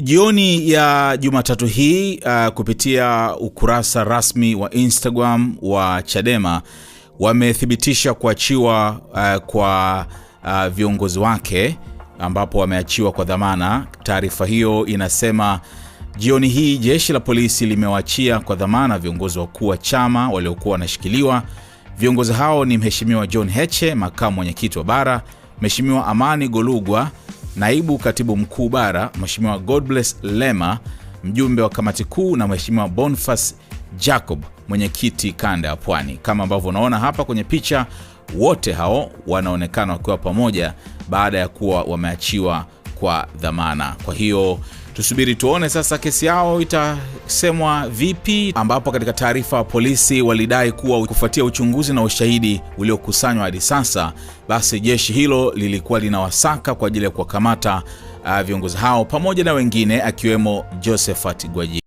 Jioni ya Jumatatu hii uh, kupitia ukurasa rasmi wa Instagram wa Chadema wamethibitisha kuachiwa uh, kwa uh, viongozi wake ambapo wameachiwa kwa dhamana. Taarifa hiyo inasema jioni hii jeshi la polisi limewaachia kwa dhamana viongozi wakuu wa chama waliokuwa wanashikiliwa. Viongozi hao ni Mheshimiwa John Heche, makamu mwenyekiti wa bara, Mheshimiwa Amani Golugwa naibu katibu mkuu bara mweshimiwa Godbless Lema, mjumbe wa kamati kuu, na mweshimiwa bonfas Jacob, mwenyekiti kanda ya Pwani. Kama ambavyo unaona hapa kwenye picha, wote hao wanaonekana wakiwa pamoja baada ya kuwa wameachiwa kwa dhamana. Kwa hiyo Tusubiri tuone sasa kesi yao itasemwa vipi, ambapo katika taarifa polisi walidai kuwa kufuatia uchunguzi na ushahidi uliokusanywa hadi sasa, basi jeshi hilo lilikuwa linawasaka kwa ajili ya kuwakamata uh, viongozi hao pamoja na wengine akiwemo Josephat Gwaji.